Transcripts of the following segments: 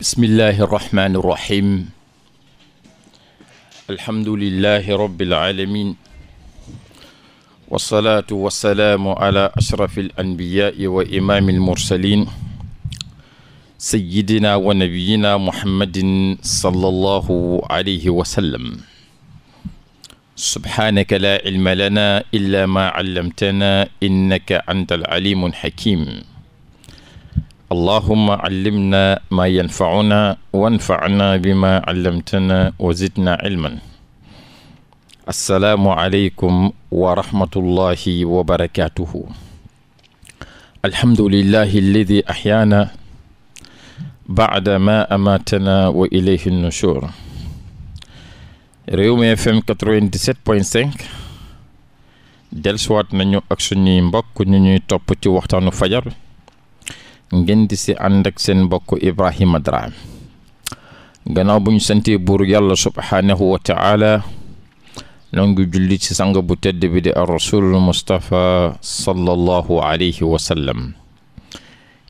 bismillahi irrahmani irrahim alhamdulilahi rabiilalamin walsalaatu walsalaamu ala ashrafi alanbiyaai wa imaami almursalin sayidina wa nabiyina muhammadin sala allahu alayhi wa sallam subhaanaka laa cilma lana illa maa callamtana innaka anta alcalimu alxakim allahuma callimna maa yanfacuna wanfacna bima callamtana wa zidna cilman assalaamu aleykum wa rahmatullahi wa barakatuhu alhamdulillahi alladi axyaana bacda ma amaatana wa ilayhi nushur Rewmi FM 97.5 dellusiwaat nañu ak suñuy mbokk ñu ñuy topp ci waxtaanu fajar ngeen di si ànd ak seen mbokk Ibrahima Drame gannaaw buñ ñu santee buur yàlla subhaanahu wa taala nangu julli ci sang bu tedd bi di ar rasulul mustapha sallallahu alayhi wa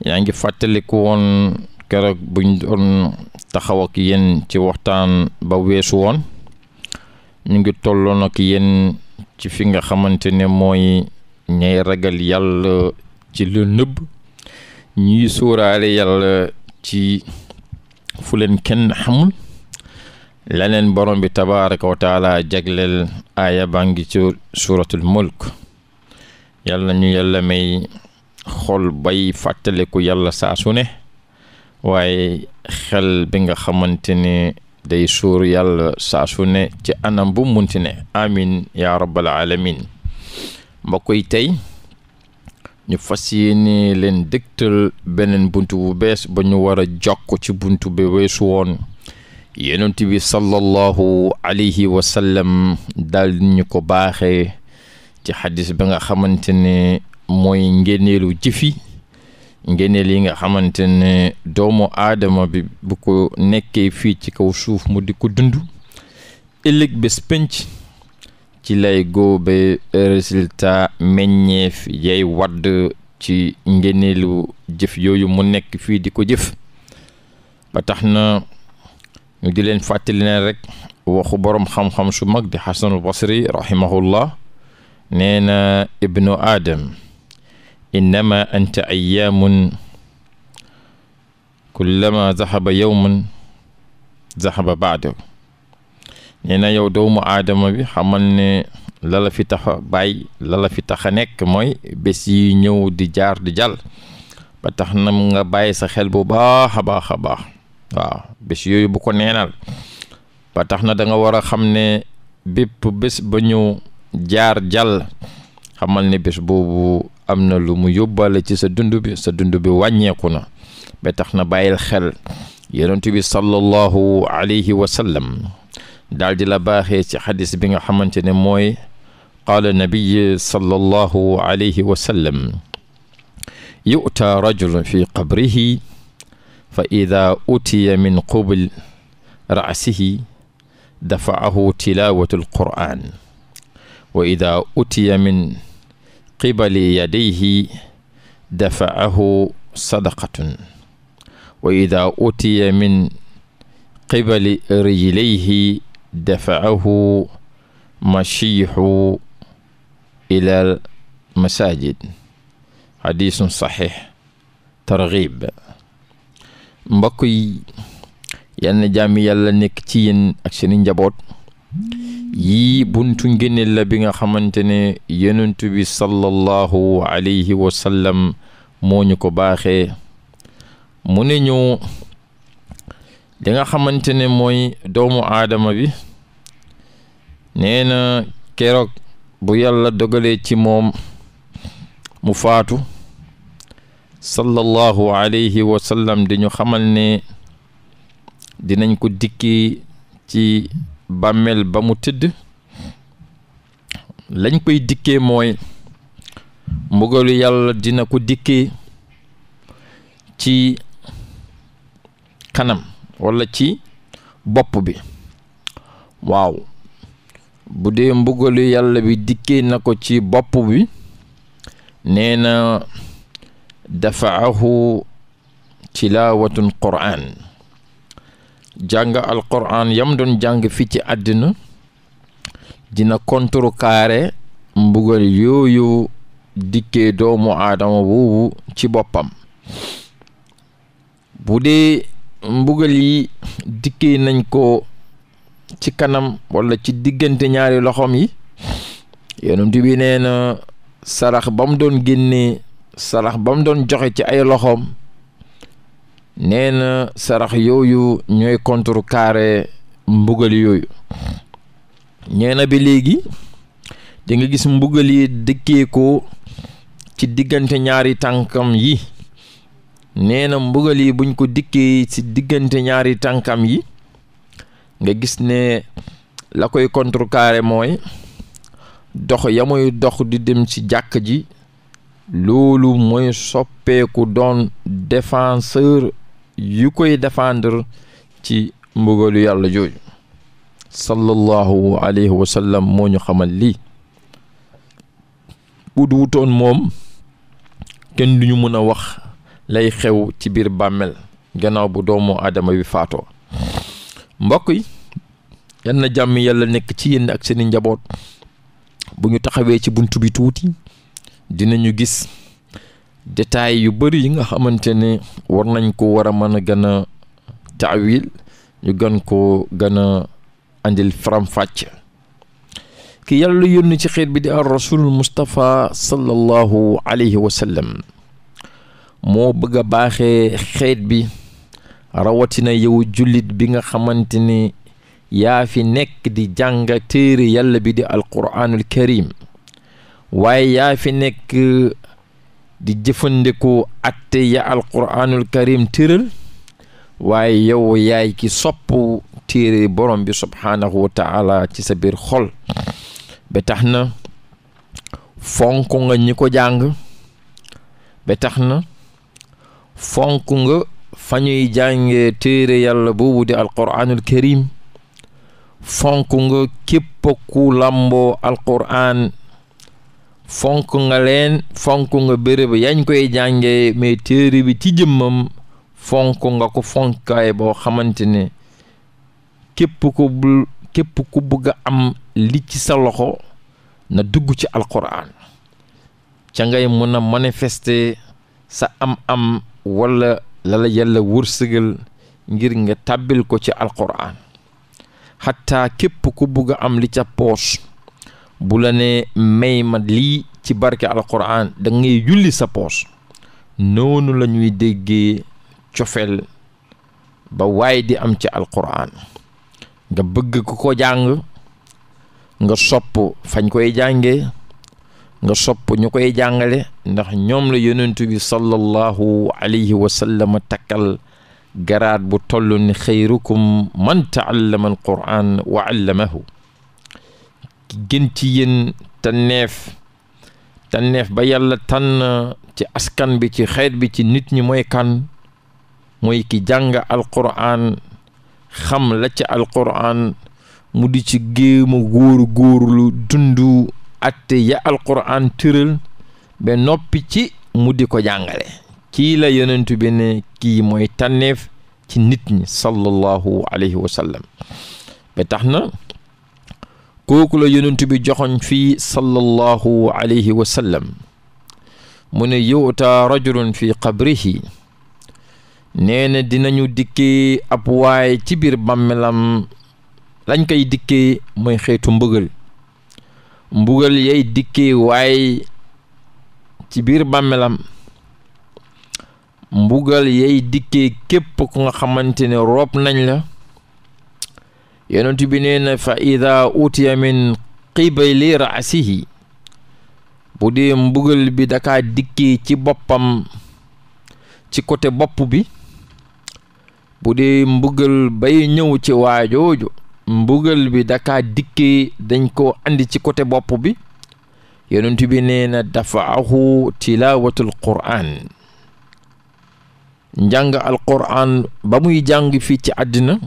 yaa ngi fàttaliku woon keroog buñ ñu doon taxaw ak ci waxtaan ba weesu woon ñu ngi tolloon ak yéen ci fi nga xamante ne mooy ñay ragal yàlla ci lu ñuy sóoraale yàlla ci fu leen kenn xamul leneen borom bi tabaraka wa jagleel aaya baa ngi ci suuratul mulk yàlla ñu yàlla may xol bay fàttaliku yàlla saa su ne waaye xel bi nga xamante ne day suur yàlla saa ne ci anam bu munti ne amin yaa rabbal alamin mbokk yi tey ñu fas yéene leen dëgtal beneen buntu bu bees ba ñu war a jokk ci buntu bi weesu woon yonent bi sallallahu alayhi wa sallam daal ñu ko baaxe ci xadis ba nga xamante ne mooy ngéneelu jëfi ngéneel yi nga xamante ne doomu aadama bi bu ko nekkee fii ci kaw suuf mu di ko dund ëllëg bés penc ci lay góobe résultat meññeef yay wadd ci ngéneelu jëf yooyu mu nekk fii di ko jëf ba tax na ñu di leen fàttali ne rek waxu boroom xam-xam su mag di xasanul basri rahimahullah nee ibnu aadam innama anta ayaamun kullama zahaba yowmun zahaba baado nee na yow doomu aadama bi xamal ne lala fi tax bàyyi lala fi tax a nekk mooy bés yi ñëw di jaar di jàll ba tax na nga bàyyi sa xel bu baax a baax a baax waaw bés yooyu bu ko neenal ba tax na danga war a xam ne bépp bés ba ñëw jaar jàll xamal ne bés boobu am na lu mu yóbbale ci sa dund bi sa dund bi wàññeeku na ba tax na bàyyil xel yonent bi sallallahu alayhi wa daal di la baaxee ci xadis bi nga xamante ne mooy qaala nabiy sallallahu alayhi wa sallam yu'ta rajulun fi qabrihi fa ida utiya min qubul ra'sihi dafa'ahu tilawatu alquran wa ida utiya min qibali yadayhi dafa'ahu sadaqatun wa ida utiya min qibali rijlayhi dafaahu mashiihu ilal masajid xadisun saxiix targhib mbokk yi yal na jàmmi yàlla nekk ci yéen ak seeni njaboot yi buntu ngëneel la bi nga xamante ne yonent bi sallallahu alayhi wa mooñu ko baaxe mu ne ñu li nga xamante ne mooy doomu aadama bi nee na keroog bu yàlla dogalee ci moom mu faatu sallallahu alayhi wa dañu xamal ne dinañ ko dikki ci bàmmeel ba mu tëdd lañ koy dikkee mooy mbugalu yàlla dina ko dikkee ci kanam walla ci bopp bi waaw bu dee mbugalu yàlla bi dikkee na ko ci bopp bi nee na dafaahu tilaawatun quraan jàng al quraan yam doon jàng fii ci àddina dina kaare mbugal yooyu dikkee doomu aadama boobu ci boppam bu dee mbugal yi dikkee nañ ko ci kanam walla ci diggante ñaari loxoom yi yonent bi nee na sarax ba mu doon génnee sarax ba mu doon joxe ci ay loxoom nee sarax yooyu ñooy contrecarrer mbugal yooyu nee na bi léegi di nga gis mbugal yi dikkee ko ci diggante ñaari tànkam yi nee na mbugal yi buñ ko dikkee ci diggante ñaari tànkam yi nga gis ne la koy contrecarrer mooy dox ya dox di dem ci jàkk ji loolu mooy soppeeku doon défenseur yu koy défendre ci mbugalu yàlla jooju sallallahu alayhi wa sallam moo ñu xamal lii bu duutoon moom kenn duñu mën a wax lay xew ci biir bàmmeel gannaaw bu doomu aadama bi faatoo mbokk yi yal jàmm yàlla nekk ci yéen ak seeni njaboot bu ñu taxawee ci bunt bi tuuti dinañu gis détail yu bari yi nga xamante ne war nañ ko war a mën a gën a taawil ñu gën ko gën a andil faram ki yàlla yónni ci xeet bi di ar rasulul mustapha sallallahu alayhi wa moo bëgg a baaxee xeet bi rawatina yow jullit bi nga xamante ni yaa fi nekk di jàng téere yàlla bi di alquraanul karim waaye yaa fi nekk di jëfandikoo atte ya alquraanul karim tëral waaye yow yaay ki sopp téere borom bi subhaanahu wa taala ci sa biir xol ba tax na fonk nga ñi ko jàng ba tax na fonk nga fa ñuy jàngee téere yàlla boobu di alquraanul karim fonk nga képp ku làmboo alquraan fonk nga leen fonk nga bërëb yañ koy jàngee mais téere bi ci jëmmam fonk nga ko fonkaay boo xamante ne képp ku bul bëgg am li ci sa loxo na dugg ci alquraan ca ngay mën a sa am-am wala lala yàlla wërsëgal ngir nga tàbbil ko ci alquran xataa képp ku bëgg a am li ca poos bu la ne may ma lii ci barke alquran da ngay julli sa poos noonu la ñuy déggee cofeel ba waaye di am ci alxuraan nga bëgg ku ko jàng nga sopp fañ koy jànge nga sopp ñu koy jàngale ndax ñoom la yonentu bi sallallahu alayhi wa sallam takkal garaat bu toll ni xayrukum man taallama al quran wa allamahu ki gën ci yéen tànneef tànneef ba yàlla tànn ci askan bi ci xeet bi ci nit ñi mooy kan mooy ki jàng alquran xam la ca alquran mu di ci géema góor góorlu dundu atte ya alquran tëral be noppi ci mu di ko jàngale kii la yonentu bi ne kii mooy tànneef ci nit ñi sallallahu alayhi wa sallam tax na kooku la yonentu bi joxoñ fii sallallahu alayhi wa mu ne yu'taa rajulun fi qabrihi nee ne dinañu dikkee ab waay ci biir bàmmelam lañ koy dikkee mooy xeetu mbëgal mbugal yay dikkee waay ci biir bàmmelam mbugal yay dikkee képp ku nga xamante ne roob nañ la yonent bi nee na fa ida utiya min qibali raasihi bu dee mbugal bi dakaa dikkee ci boppam ci côté bopp bi bu dee mbugal bay ñëw ci waajooju mbugal bi dakaa dikkee dañ ko indi ci côté bopp bi yonent bi nee na dafaahu tilaawatul qur'aan njàng alqur'aan ba muy jàng fii ci àddina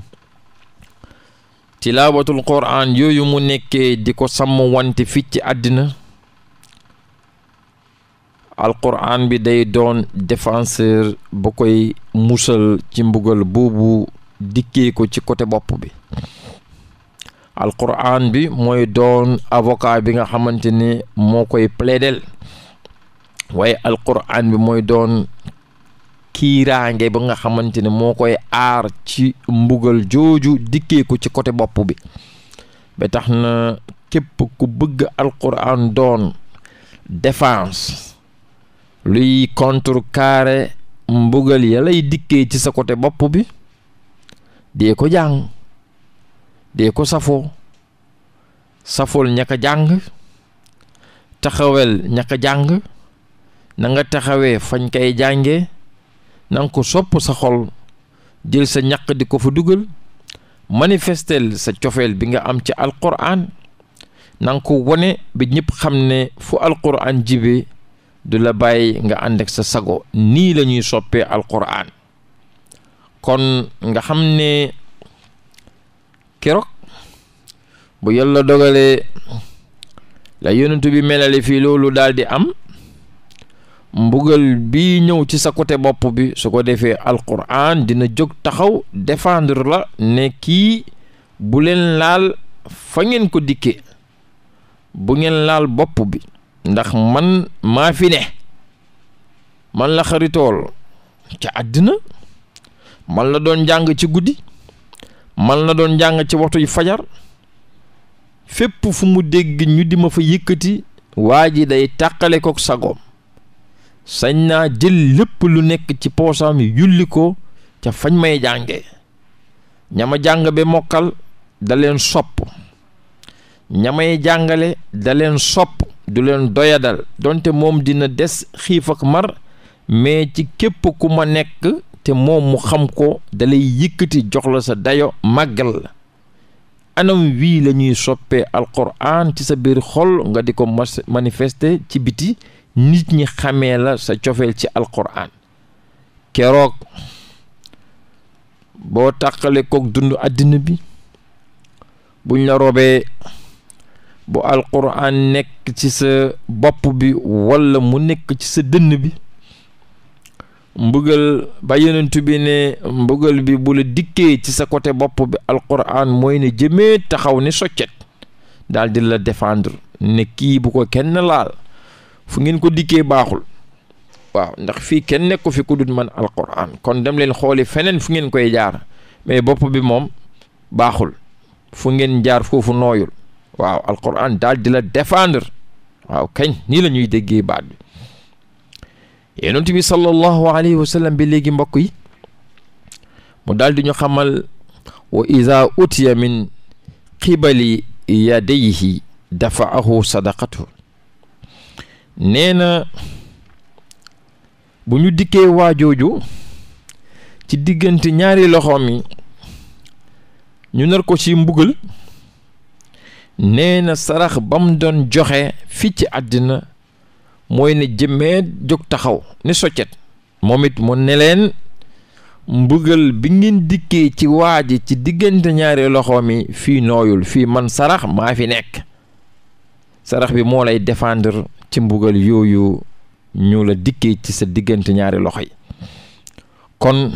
tilaawatul qur'aan yooyu mu nekkee di ko sàmm wante fii ci àddina alqur'aan bi day doon défenseur ba koy musal ci mbugal boobu dikkee ko ci côté bopp bi alquran bi mooy doon avocat bi nga xamante ni moo koy plaidel waaye alquran bi mooy doon kiiraange ba nga xamante ni moo koy aar ci mbugal jooju dikkeeku ci côté bopp bi ba tax na képp ku bëgg alquran doon défense luy contrecarrer mbugal ya lay dikkee ci sa côté bopp bi dee ko jàng dee ko safoo safool ñaka jàng taxawel ñaka jàng na nga taxawee fañ kay jànge na ko sopp sa xol jël sa ñaq di ko fa dugal manifestel sa cofeel bi nga am ci alquran na ko wone bi ñépp xam ne fu alquran jibe du la bàyyi nga ànd ak sa sago nii lañuy soppee alquran kon nga xam ne keroog bu yàlla dogalee la yonent bi melale fii loolu daal di am mbugal bi ñëw ci sa côté bopp bi su ko defee alquran dina jóg taxaw défendre la ne kii bu leen laal fa ngeen ko dikkee bu ngeen laal bopp bi ndax man maa fi ne man la xaritool ca àddina man la doon njàng ci guddi man la doon njàng ci waxtu yu fajar fépp fu mu dégg ñu di ma fa yëkkati waa ji day tàqale ko sagoom sañ naa jël lépp lu nekk ci poosam yi yulli ko ca fañ may jànge ñama jàng bi mokkal da leen sopp ñamay jàngale da leen sopp du leen doyadal donte moom dina des xiif ak mar mais ci képp ku ma nekk te moom mu xam ko dalay yëkkati jox la sa dayo màggal la anam wii lañuy soppee alquran ci sa biir xol nga di ko manifester ci biti nit ñi xamee la sa cofeel ci alquran keroog boo tàqale koog dund àddina bi buñ la robee bu alquran nekk ci sa bopp bi walla mu nekk ci sa dënn bi mbugal ba yonent bi ne mbugal bi bu la dikkee ci sa côté bopp bi alquran mooy ne jëmee taxaw ni soccet dal di la défendre ne kii bu ko kenn laal fu ngeen ko dikkee baaxul waaw ndax fii kenn nekk ko fi ku dul man alquran kon dem leen xooli feneen fu ngeen koy jaar mais bopp bi moom baaxul fu ngeen jaar foofu nooyul waaw alquran daal di la défendre waaw kañ nii lañuy ñuy déggee baat bi yonent bi sallallahu alayhi wa bi léegi mbokk yi mu daldi ñu xamal wa iza utiya min qibali dafa axu sadaqatu nee bu ñu dikkee waajooju ci diggante ñaari loxoom yi ñu nar ko ci mbugal nee na sarax bam doon joxe fii ci àddina mooy ne jëmmee jóg taxaw ni soccet moom it mu ne leen mbugal bi ngeen dikkee ci waa ji ci diggante ñaari loxo mi fii nooyul fii man sarax maa fi nekk sarax bi moo lay défendre ci mbugal yooyu ñu la dikkee ci sa diggante ñaari loxo yi kon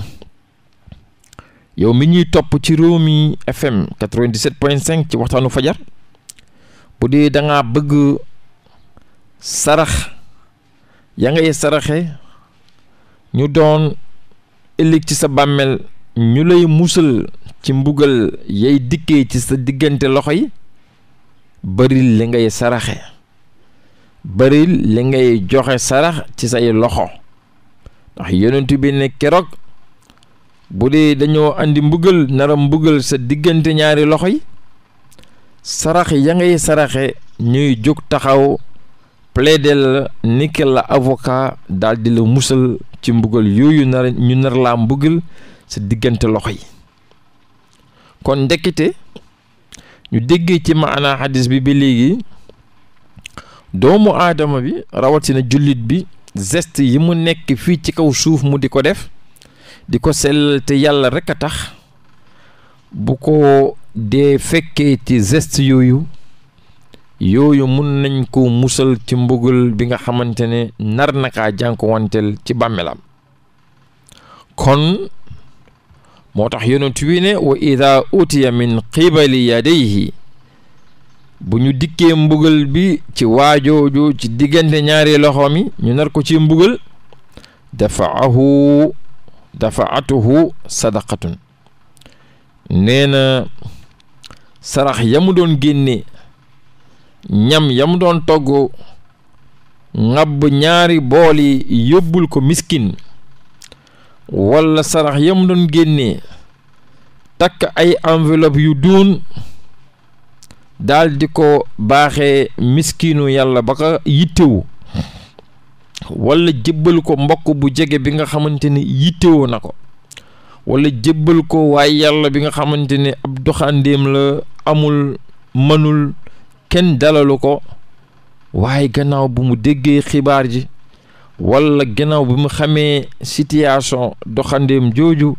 yow mi ñuy topp ci Rewmi FM 97.5 ci waxtaanu fajar bu dee da bëgg sarax yaa ngay saraxe ñu doon ëllëg ci sa bàmmeel ñu lay musal ci mbugal yay dikke ci sa diggante loxo yi baril li ngay saraxe baril li ngay joxe sarax ci say loxo ndax yonent bi ne keroog bu dee dañoo indi mbugal nara mbugal sa diggante ñaari loxo yi sarax ya ngay saraxe ñuy jóg taxaw plaidé la nike la avocat daldi la musal ci mbugal yooyu nar ñu nar laa mbugal sa diggante loxo yi kon ndekkite ñu déggee ci maana xadis bi ba léegi doomu aadama bi rawatina jullit bi geste yi mu nekk fii ci kaw suuf mu di ko def di ko sellal te yàlla rekk a tax bu ko dee fekkee ci geste yooyu yooyu mun nañ ko musal ci mbugal bi nga xamante ne nar naka kaa jànkuwanteel ci bàmmeelam kon moo tax yonent wi ne wa ida utiya min qibali yadayhi bu ñu dikkee mbugal bi ci waajooju ci diggante ñaari loxo mi ñu nar ko ci mbugal dafaahu dafaatuhu sadaqatun nee na sarax ya mu doon génne ñam yam doon togg ŋabb ñaari bool yi yóbbul ko miskin walla sarax yam doon génnee takk ay enveloppe yu duun daldi ko baaxe miskinu yàlla ba ko yittewu walla jébbal ko mbokk bu jege bi nga xamante ni yittewoo na ko walla jébbal ko waaye yàlla bi nga xamante ne ab doxandéem la amul mënul kenn dalalu ko waaye gannaaw bi mu déggee xibaar ji walla gannaaw bi mu xamee situation doxandeem jooju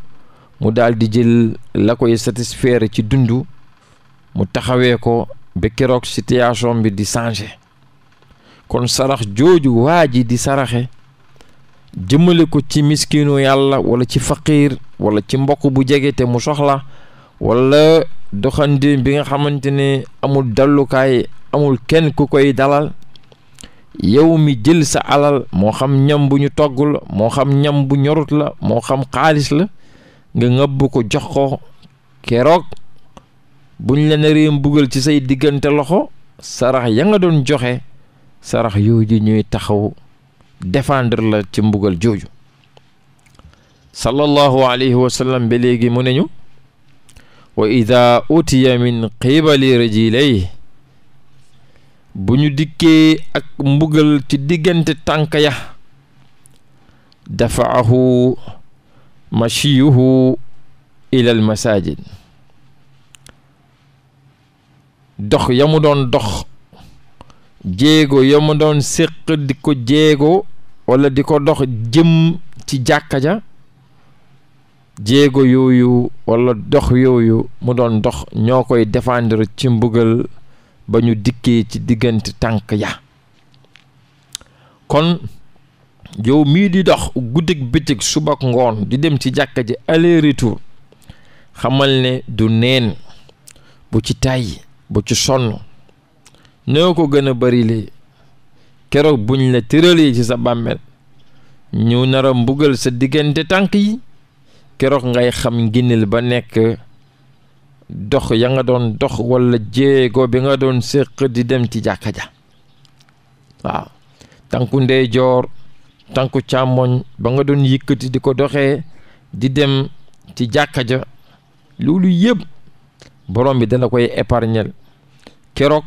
mu daldi jël la koy satisfaire ci dund mu taxawee ko ba keroog situation bi di changer kon sarax jooju waa ji di saraxe jëmmale ko ci miskinu yàlla walla ci faqiir walla ci mbokk bu jege te mu soxla walla doxandéem bi nga xamante ne amul dallukaay amul kenn ku koy dalal yow mi jël sa alal moo xam ñam bu ñu togg la moo xam ñam bu ñorut la moo xam xaalis la nga ngëbb ko jox ko keroog buñ la naree mbugal ci say diggante loxo sarax ya nga doon joxe sarax yooju ñuy taxaw défendre la ci mbugal jooju sallallahu alayhi wa léegi mu ne ñu wa ida utiya min qibali rajilay bu ñu dikkee ak mbugal ci diggante tànk ya dafa dafaahu machiyuhu ilal masajid dox yamu doon dox jéego yamu doon séq di ko jéego wala di ko dox jëm ci jàkka ja jéego yooyu walla dox yooyu mu doon dox ñoo koy défendre ci mbugal ba ñu dikkee ci diggante tànk ya kon yow mii di dox guddig bitig subak ngoon di dem ci jàkka ji aller xamal ne du neen bu ci tàyyi bu ci sonn ñoo ko gën a barilee keroog bu ñu la tëralee ci sa bàmmeel ñu nar a mbugal sa diggante tànk yi keroog ngay xam nginil ba nekk dox ya nga doon dox walla jéego bi nga doon séq di dem ci jàkka ja waaw tànku ndeyjoor tànku càmmoñ ba nga doon yëkkati di ko doxee di dem ci jàkka ja loolu yépp borom bi dala koy épargnel keroog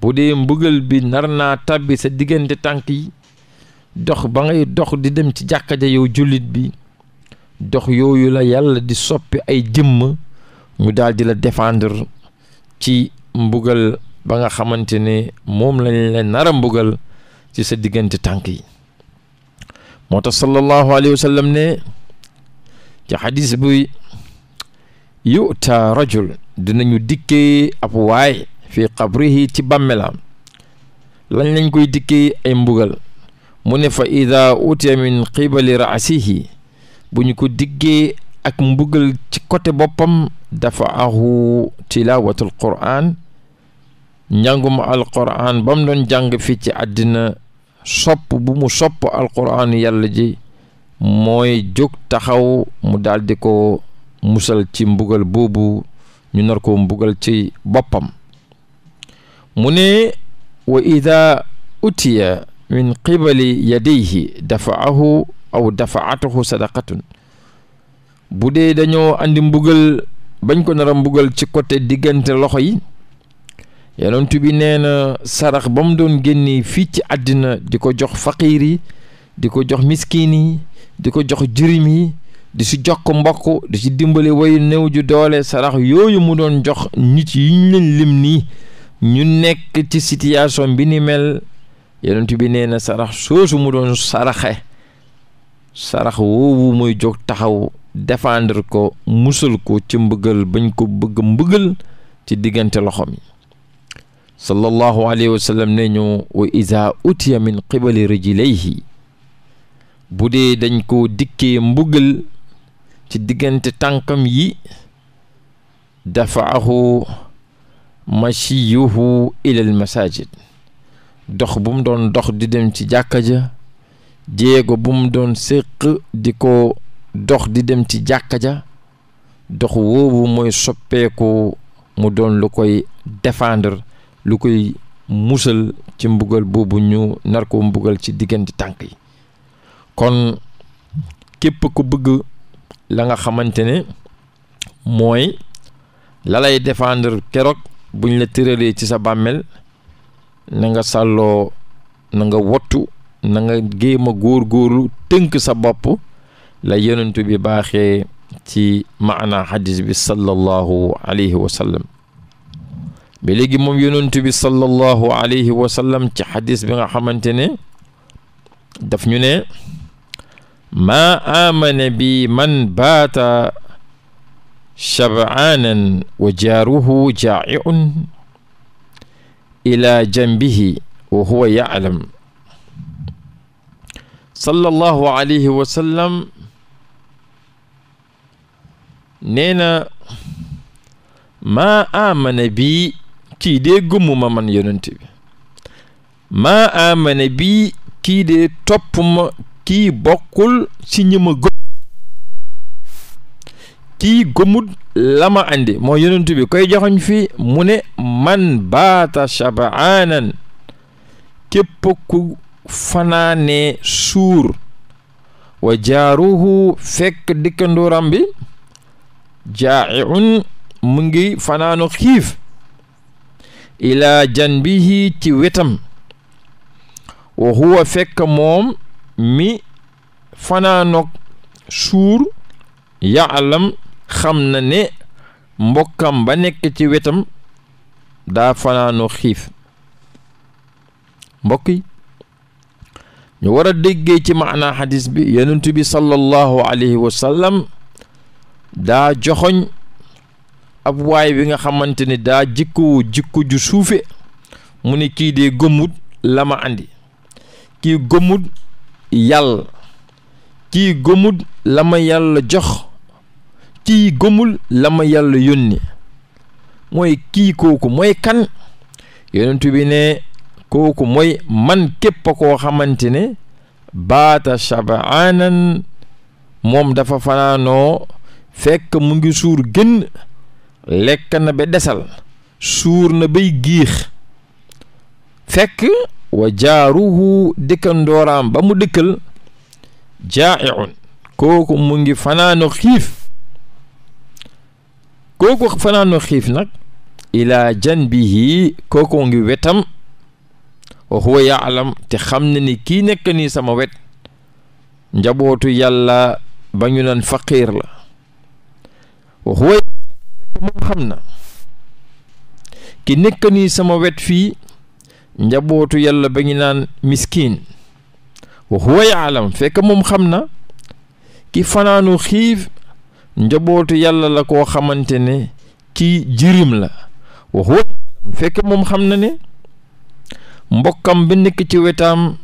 bu dee mbugal bi nar naa tàbbi sa diggante tànk yi dox ba ngay dox di dem ci jàkka ja yow jullit bi dox yooyu la yàlla di soppi ay jëmm ñu daal di la défendre ci mbugal ba nga xamante ne moom lañ la nara mbugal ci sa diggante tànk yi moo tax sallallahu alayhi wa sallam ne ci xadis bi yuta rajul dinañu dikkee ab waay fii qabrihi ci bàmmelaam lañ lañ koy dikkee ay mbugal mu ne fa ida utiya min raasihi bu ñu ko diggee ak mbugal ci côté boppam dafa ahu tilawatul qur'an njànguma alqur'an ba mu doon jàng fii ci àddina sopp bu mu sopp alqur'an yàlla ji mooy jóg taxaw mu daldi ko musal ci mbugal boobu ñu nar ko mbugal ci boppam mu ne wa ida utiya min qibali yadayhi dafaahu aw dafa dafaatuhu sadaqatun bu dee dañoo andi mbugal bañ ko nara a mbugal ci côté diggante loxo yi yonent bi nee na sarax ba mu doon génne fii ci àddina di ko jox faqiir yi di ko jox miskiin yi di ko jox jirim yi di si jox ko mbokk di si dimbali wayu néew ju doole sarax yooyu mu doon jox nit yi ñu leen lim ni ñu nekk ci situation bi ni mel yonent bi nee na sarax soosu mu doon saraxe sarax woowu muy jóg taxaw défendre ko musal ko ci mbëggal bañ ko bëgg mbëggal ci diggante loxo yi sallallahu alayhi wa sallam ne ñu wa iza utiya min qibali rijlayhi bu dee dañ ko dikkee mbuggal ci diggante tànkam yi dafa dafaahu mashiyuhu ilal masajid dox bu mu doon dox di dem ci jàkka ja jéego bu mu doon séq di ko dox di dem ci jàkka ja dox woowu mooy soppeeku mu doon lu koy défendre lu koy musal ci mbugal boobu ñu nar ko mbugal ci diggante tànk yi kon képp ku bëgg la nga xamante ne mooy la lay défendre keroog ñu la tëralee ci sa bàmmeel na nga sàlloo na nga wottu na nga géem a góor-góorlu tënk sa bopp la yonent bi baaxee ci maana xadis bi sallallahu alayhi wa sallam ba léegi moom yonent bi sallallahu alayhi wa sallam ci xadis bi nga xamante ne daf ñu ne maa aamana bi man baata shabaanan wa jaaruhu jaa'iun ila jambihi wa huwa ya'lam sallallahu alayhi wa sallam na maa amana bi kii dee gëmmuma man yonent bi maa amana bi kii dee topp kii bokkul ci ñi ma gëm kii gëmut la ma moo yonent bi koy joxoñ fi mu ne man baata shabaanan képp ku fanaane suur wa jaaruhu fekk dikkandoram bi jaa'iun mu ngi fanaanu xiif ilaa janbihi ci wetam wa huwa fekk moom mi fanaanoog suur yaalam xam na ne mbokkam ba nekk ci wetam daa fanaanoo xiif mbokk ñu war a déggee ci maanaa xadis bi yonent bi sallallahu alayhi wa sallam daa joxoñ ab waay bi nga xamante ni daa jikkowu jikko ju suufe mu ni kii dee gëmmut lama ma andi kii gëmmut yàlla kii gëmmut la ma yàlla jox kii gëmul la ma yàlla yónni mooy kii kooku mooy kan yonent bi ne kooku mooy man képp koo xamante ne baata shabaanan moom dafa fanaanoo fekk mu ngi suur gën lekk na ba desal suur na bay giix fekk wa jaaruhu dëkkandooraam ba mu dëkkal jaa'iun kooku mu ngi fanaano xiif kooku fanaano xiif nag ilaa janbihi kooku mu ngi wetam wa huwa yaalam te xam na ni kii nekk nii sama wet njabootu yàlla ba ñu naan faqiir la wa huwa moom xam na ki nekk sama wet fii njabootu yàlla ba ñu naan miskiin wa huwa moom xam na ki fanaanu xiif njabootu yàlla la koo xamante ne ki jirim la wa huwa moom xam na ne mbokkam bi nekk ci wetaam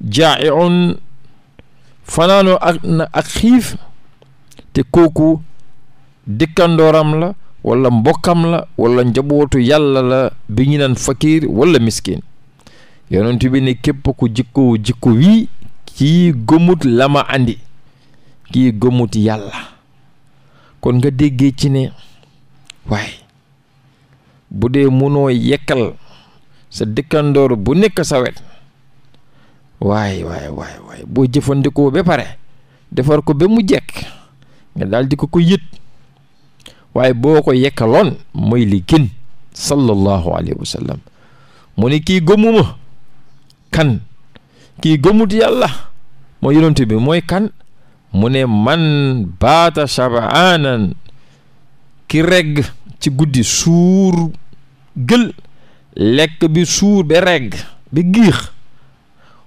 jaa'iun fanaanoo ak na ak xiif te kooku dëkkandooram la wala mbokkam la walla njabootu yàlla la bi ñu naan fakir wala miskin yonent bi ne képp ku jikko jikko wii kii gëmut la ma andi kii gëmut yàlla kon nga déggee ci ne waaye bu dee munoo yekkal sa dëkkandoor bu nekk sawet wet waaye waaye boo jëfandikoo ba pare defar ko ba mu jekk nga daal di ko ko yët waaye boo ko yekkaloon mooy li gën sallallahu alayhi wa mu ne kii gëmuma kan kii gëmut yàlla mooy yonent bi mooy kan mu ne man baata shabaanan ki regg ci guddi suur gël lekk bi suur ba regg bi giix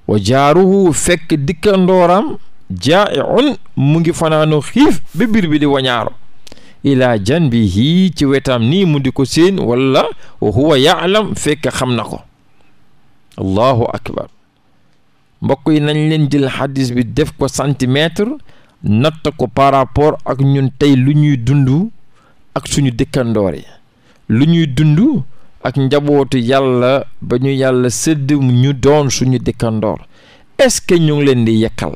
wa jaaruhu fekk dikkandooram jaa'iun mu ngi fanaanoo xiif ba bi di wañaaro ilaa janbihi ci wetam ni mu di ko seen walla wa huwa yaalam fekk xam na ko allahu akbar mbokk yi nañ leen jël xadis bi def ko centimètre natt ko par rapport ak ñun tey lu ñuy dund ak suñu dëkkandoor yi lu ñuy dund ak njabootu yàlla ba ñu yàlla sedd ñu doon suñu dëkkandoor est-ce que ñu ngi leen di yekkal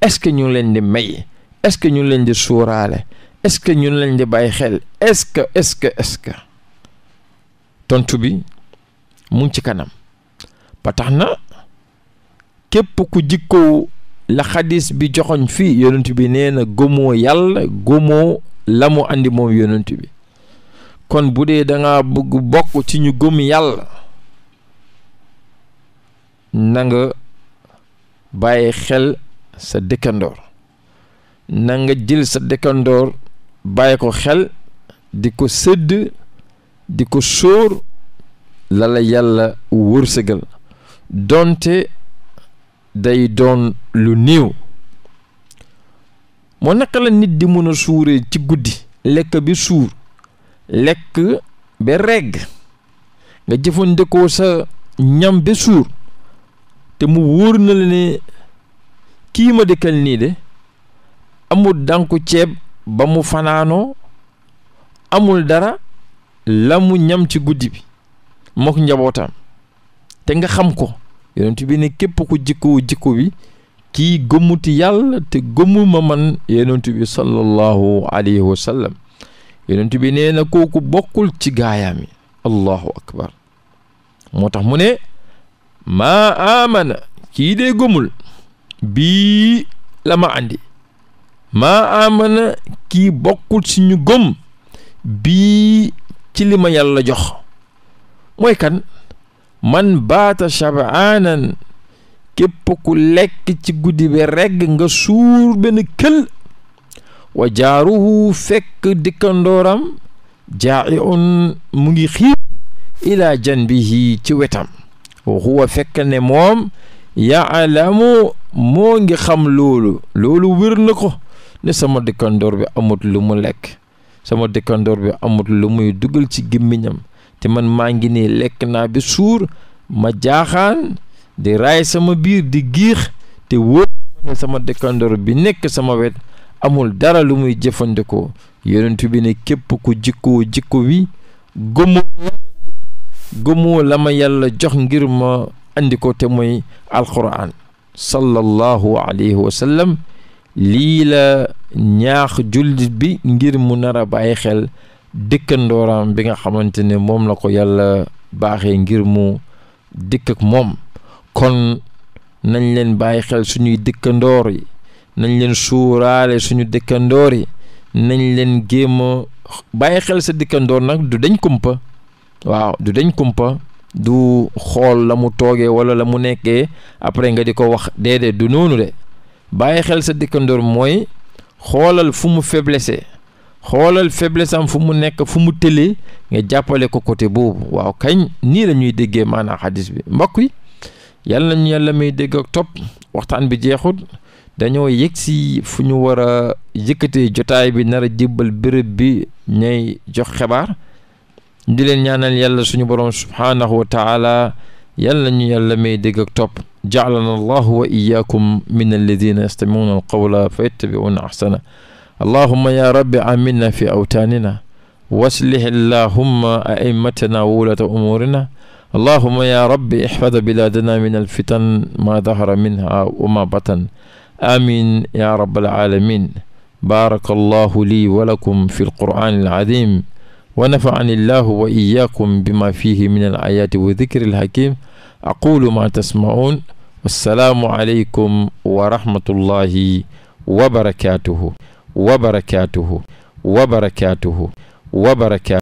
est-ce que ñu leen di may est-ce que ñu leen di suuraale est-ce que ñu ngi leen di bàyyi xel est-ce que est-ce que est tontu bi mu ngi ci kanam ba tax na képp ku jikkow la xadis bi joxoñ fii yonent bi nee na gëmoo yàlla gëmoo la mu andi moom yonent bi kon bu dee danga bëgg bokk ci ñu gëm yàlla na nga bàyyi xel sa dëkkandoor na jël sa dëkkandoor bàyyi ko xel di ko sëdd di ko sóor lala yàlla wërsëgal doonte day doon lu néew moo naka la nit di mën a suuree ci guddi lekk bi suur lekk ba regg nga jëfandikoo sa ñam ba suur te mu wóor na la ne kii ma dëkkal nii de amul dànku ceeb ba mu fanaanoo amul dara la mu ñam ci guddi bi mook njabootam te nga xam ko yonent bi ne képp ku jikko jikko bi kii gëmmuti yàlla te gëmmu ma man yonent bi sallallahu alayhi wa sallam yonent bi nee na kooku bokkul ci gaayam yi allahu akbar moo tax mu ne maa amana kii dee gëmul bii la ma àndi maa amana kii bokkul ci ñu gëm bii ci li ma yàlla jox mooy kan man baata shabaanan képp ku lekk ci guddi bi rekk nga suur benn kël wa jaaru fekk dëkkandooram jaa'i un mu ngi xiib ilaa janbihi ci wetam wa huwa fekk ne moom yaalamu moo ngi xam loolu loolu wér na ko ne sama dëkkandoor bi amut lu sama dëkkandoor bi amut lu muy dugal ci gémmiñam te man maa ngi nii lekk naa bi suur ma jaaxaan di raay sama biir di giix te wóor ne sama dëkkandoor bi nekk sama wet amul dara lu muy jëfandikoo yonent bi ne képp ku jikkoo jikko wi gëmoo gëmoo la ma yàlla jox ngir ma andi ko te mooy alxuraan sallallahu alayhi wa lii la ñaax jullit bi ngir mu nar a xel dëkkandooraam bi nga xamante ne moom la ko yàlla baaxee ngir mu dëkk ak moom kon nañ leen bàyyi xel suñuy dikkandoor yi nañ leen suuraale suñu dikkandoor yi nañ leen géem bàyyi xel sa dëkkandoor nag du dañ kumpa waaw du dañ kumpa du xool la mu toogee wala la mu nekkee après nga di ko wax déedéet du noonu de bàyyi xel sa dikkandoor mooy xoolal fu mu faiblesse xoolal faiblesse am fu mu nekk fu mu tëlee nga jàppale ko côté boobu waaw kañ nii la ñuy déggee maanaam bi mbokk yi yàlla nañu yàlla may dégg ak topp waxtaan bi jeexut dañoo yëg si fu ñu war a yëkkatee jotaay bi nar a jébbal bërëb bi ñay jox xibaar di leen ñaanal yàlla suñu boroom subhaanahu wa taala yàlla ñu yàlla may dégg ak topp jaalana allahu wa iyaakum min alladina yastamiuuna alqawla fa yattabiuuna ahsana allahuma ya rabbi aminna fi awtaanina waslih allahumma aimmatana wa wulata umuurina allahuma ya rabbi ihfad bilaadana min alfitan ma dahara minha wa ma batan amin ya rabbal alamin baarakallahu lii wa lakum fi alqur'ani alazim wa nafa'ani llahu wa iyyakum bima fihi min alayati wa dhikri alhakim aqulu ma tasma'un wassalaamu aleykum wa rahmatullahi wa barakatuhu wa barakatuhu wa barakatuhu wa barakatuhu